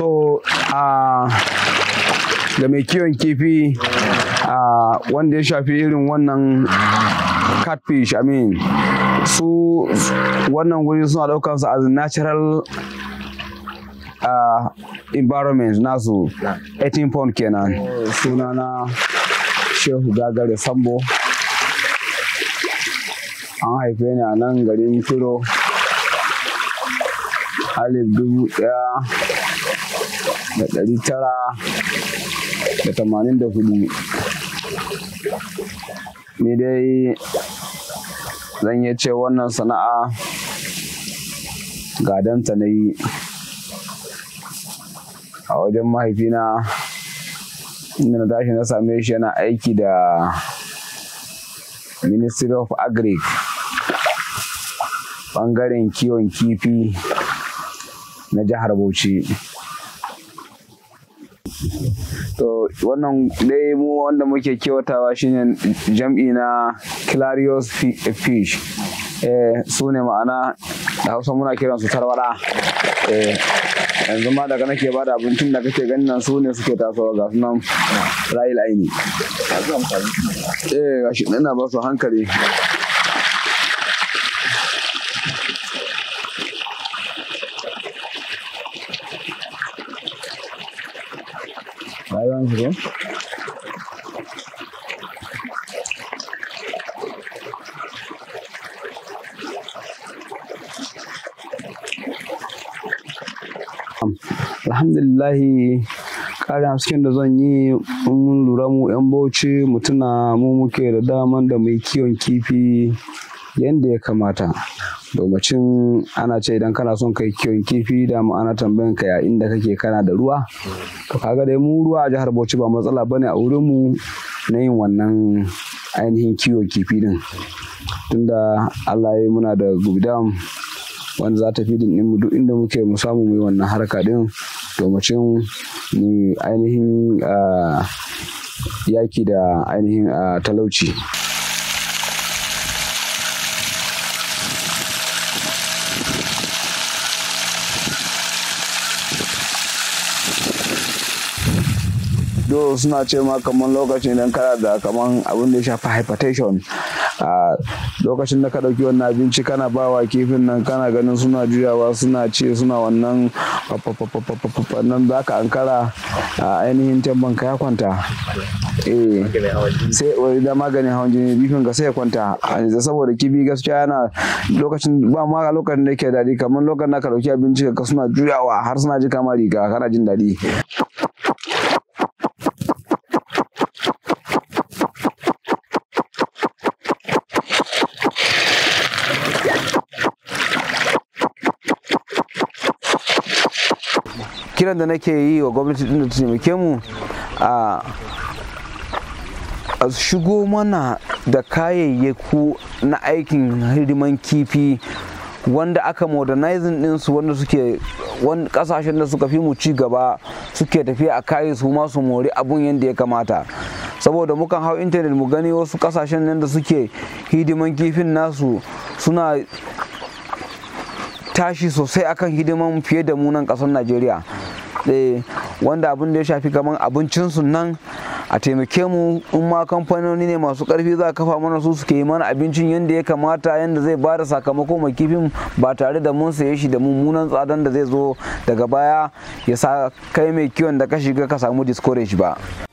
so da mai kiwon kifi wanda ya shafi irin wannan catfish i mean su wannan guri suna su as natural uh, environment nasu 18 pound kenan Suna na shehu gagare sambo an haife ni a nan garin kiro alif dubu daya da ɗari tara da tamanin da hudu ni dai zan iya ce wannan sana'a gadanta na yi a wajen mahaifina inda na tashi na same shi yana aiki da ministry of Agri bangaren kiwon kifi na jihar bauchi to wannan dai mu wanda muke kewatawa shine jam'i na clarios fish eh, su ne ma'ana da hausa muna kiransu tarwada eh, yanzu ma daga nake ba da abincin da kake ganin nan su ne suke tasowa ga sunan rayu aini eh ina ba su hankali sehen. alhamdulillahi ƙarin hasken da zan yi mun lura mu 'yan bauchi mutuna mu muke da daman da mai kiwon kifi yadda ya kamata domacin ana ce idan kana son kai kiwon kifi da mu ana tambayan ka ya inda kake kana da ruwa to kaga dai mu ruwa a jihar Bauchi ba matsala bane a wurin mu na yin wannan ainihin kiwon kifi din tunda Allah ya muna da gudam wanda za ta fi din mu duk inda muke mu samu mu yi wannan harka din domacin ni ainihin ah, yaki da ainihin ah, talauci do suna ce ma kamar lokacin idan kana da kamar abin da ya shafi hypertension a lokacin da ka ɗauki wannan abinci kana bawa kifin nan kana ganin suna juyawa suna ce suna wannan nan za ka ankara a ainihin tamban ka ya kwanta eh sai da maganin hawan jini bifin ka sai ya kwanta saboda kibi gaskiya yana lokacin ba ma lokacin da yake daɗi kamar lokacin da ka ɗauki abinci ka suna juyawa har suna ji kamar riga kana jin daɗi kiran da nake yi wa gwamnati din da ta taimake mu a shigo mana da kayayyaku na aikin hidiman kifi wanda aka modernizing ɗinsu wanda suke kasashen da suka fi mu ci gaba suke tafiya a kayi su masu mori abun yadda ya kamata saboda mukan hau intanet mu gani wasu kasashen nan da suke hidiman kifin nasu suna tashi sosai akan hidiman fiye da munan kasar najeriya eh, wanda abin da ya shafi kaman abincinsu nan a taimake mu in ma kamfanoni ne masu karfi za a kafa mana su suke yi mana abincin yadda ya kamata yadda zai ba da sakamako mai kifin ba tare da mun saye shi da mummunan tsadan da zai zo daga baya ya sa kai mai kiwon da ka shiga ka samu discourage ba